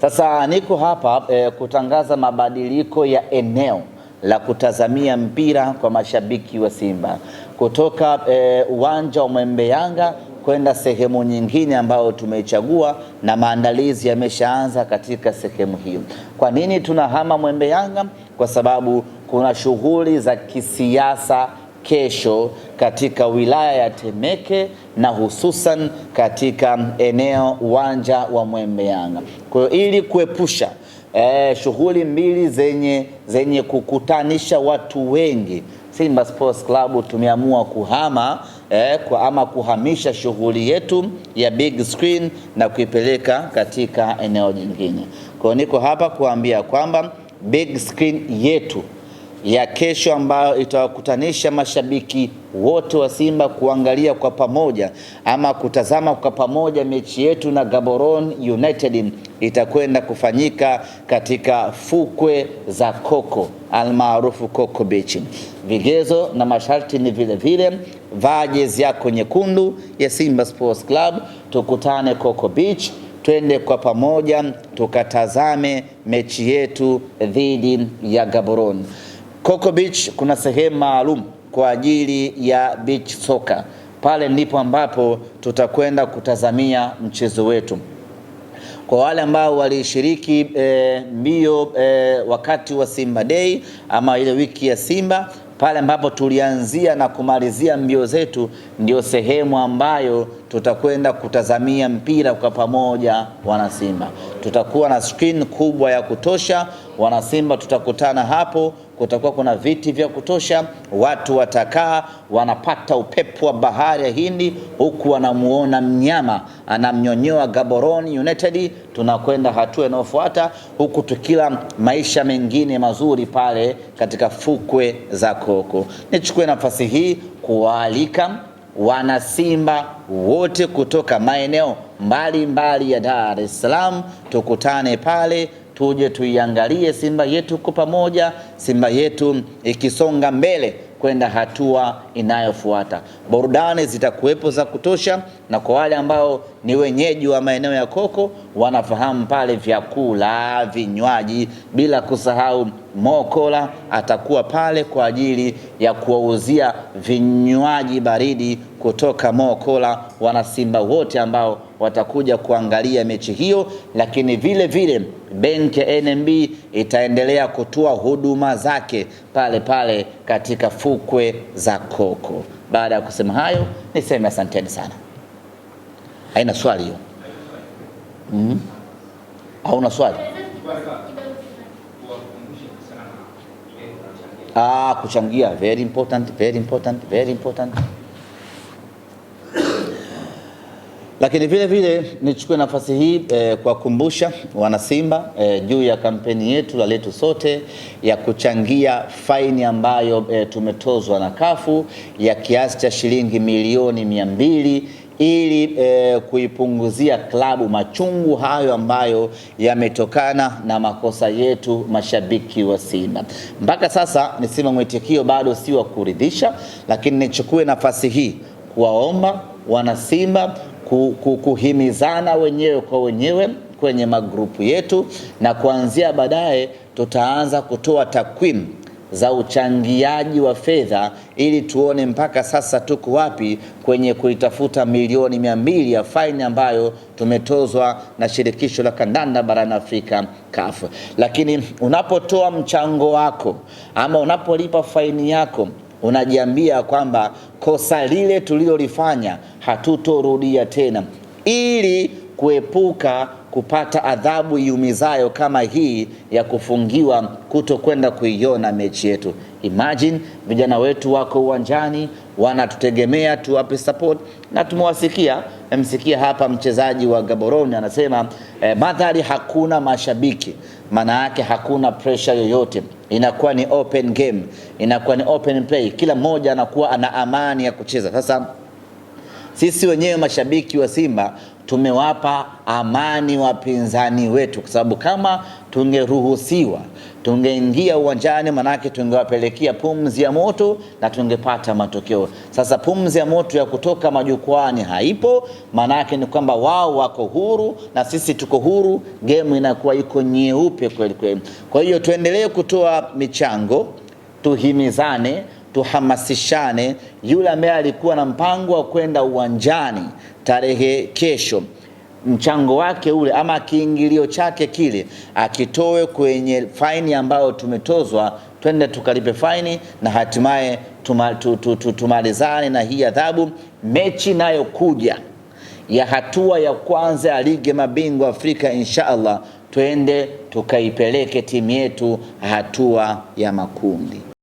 Sasa niko hapa e, kutangaza mabadiliko ya eneo la kutazamia mpira kwa mashabiki wa Simba kutoka e, uwanja wa Mwembe Yanga kwenda sehemu nyingine ambayo tumeichagua na maandalizi yameshaanza katika sehemu hiyo. Kwa nini tunahama Mwembe Yanga? Kwa sababu kuna shughuli za kisiasa kesho katika wilaya ya Temeke na hususan katika eneo uwanja wa Mwembe Yanga. Kwa hiyo ili kuepusha eh, shughuli mbili zenye, zenye kukutanisha watu wengi Simba Sports Club tumeamua kuhama eh, kwa ama kuhamisha shughuli yetu ya big screen na kuipeleka katika eneo jingine. Kwa hiyo niko hapa kuambia kwamba big screen yetu ya kesho ambayo itawakutanisha mashabiki wote wa Simba kuangalia kwa pamoja ama kutazama kwa pamoja mechi yetu na Gaborone United itakwenda kufanyika katika fukwe za Koko almaarufu Koko Beach. Vigezo na masharti ni vile vile, vaa jezi yako nyekundu ya Simba Sports Club, tukutane Koko Beach, twende kwa pamoja tukatazame mechi yetu dhidi ya Gaborone. Koko Beach kuna sehemu maalum kwa ajili ya beach soka, pale ndipo ambapo tutakwenda kutazamia mchezo wetu kwa wale ambao walishiriki e, mbio e, wakati wa Simba Day ama ile wiki ya Simba pale ambapo tulianzia na kumalizia mbio zetu, ndio sehemu ambayo tutakwenda kutazamia mpira kwa pamoja. Wanasimba, tutakuwa na screen kubwa ya kutosha. Wanasimba, tutakutana hapo kutakuwa kuna viti vya kutosha, watu watakaa, wanapata upepo wa bahari ya Hindi, huku wanamuona mnyama anamnyonyoa Gaborone United. Tunakwenda hatua inayofuata, huku tukila maisha mengine mazuri pale katika fukwe za Koko. Nichukue nafasi hii kuwaalika wanasimba wote kutoka maeneo mbalimbali ya Dar es Salaam, tukutane pale tuje tuiangalie Simba yetu kwa pamoja, Simba yetu ikisonga mbele kwenda hatua inayofuata. Burudani zitakuwepo za kutosha, na kwa wale ambao ni wenyeji wa maeneo ya Koko wanafahamu pale, vyakula, vinywaji, bila kusahau Mokola atakuwa pale kwa ajili ya kuwauzia vinywaji baridi kutoka Mokola, wanasimba wote ambao watakuja kuangalia mechi hiyo, lakini vile vile benki ya NMB itaendelea kutoa huduma zake pale pale katika fukwe za Koko. Baada ya kusema hayo, niseme asanteni sana. Haina swali hiyo? Mm, hauna swali? Ah, kuchangia very important, very important, very important. Lakini vile vile nichukue nafasi hii eh, kuwakumbusha wanasimba eh, juu ya kampeni yetu la letu sote ya kuchangia faini ambayo eh, tumetozwa na kafu ya kiasi cha shilingi milioni mia mbili ili eh, kuipunguzia klabu machungu hayo ambayo yametokana na makosa yetu mashabiki wa Simba. Mpaka sasa nisema mwitikio bado si wa kuridhisha, lakini nichukue nafasi hii kuwaomba wanasimba kuhimizana wenyewe kwa wenyewe kwenye magrupu yetu, na kuanzia baadaye tutaanza kutoa takwimu za uchangiaji wa fedha ili tuone mpaka sasa tuko wapi kwenye kuitafuta milioni mia mbili ya faini ambayo tumetozwa na shirikisho la kandanda barani Afrika CAF. Lakini unapotoa mchango wako ama unapolipa faini yako unajiambia kwamba kosa lile tulilolifanya hatutorudia tena, ili kuepuka kupata adhabu iumizayo kama hii ya kufungiwa kuto kwenda kuiona mechi yetu. Imagine vijana wetu wako uwanjani wanatutegemea tuwape support, na tumewasikia msikia hapa mchezaji wa Gaborone anasema eh, madhari hakuna mashabiki, maana yake hakuna pressure yoyote, inakuwa ni open game, inakuwa ni open play, kila mmoja anakuwa ana amani ya kucheza. Sasa sisi wenyewe mashabiki wa Simba tumewapa amani wapinzani wetu, kwa sababu kama tungeruhusiwa tungeingia uwanjani, manake tungewapelekea pumzi ya moto na tungepata matokeo. Sasa pumzi ya moto ya kutoka majukwani haipo, manake ni kwamba wao wako huru na sisi tuko huru, gemu inakuwa iko nyeupe kweli kweli. Kwa hiyo tuendelee kutoa michango, tuhimizane, tuhamasishane. Yule ambaye alikuwa na mpango wa kwenda uwanjani tarehe kesho, mchango wake ule ama kiingilio chake kile akitoe kwenye faini ambayo tumetozwa, twende tukalipe faini na hatimaye tumalizane na hii adhabu. Mechi inayokuja ya hatua ya kwanza ya ligi mabingwa Afrika, insha Allah, twende tukaipeleke timu yetu hatua ya makundi.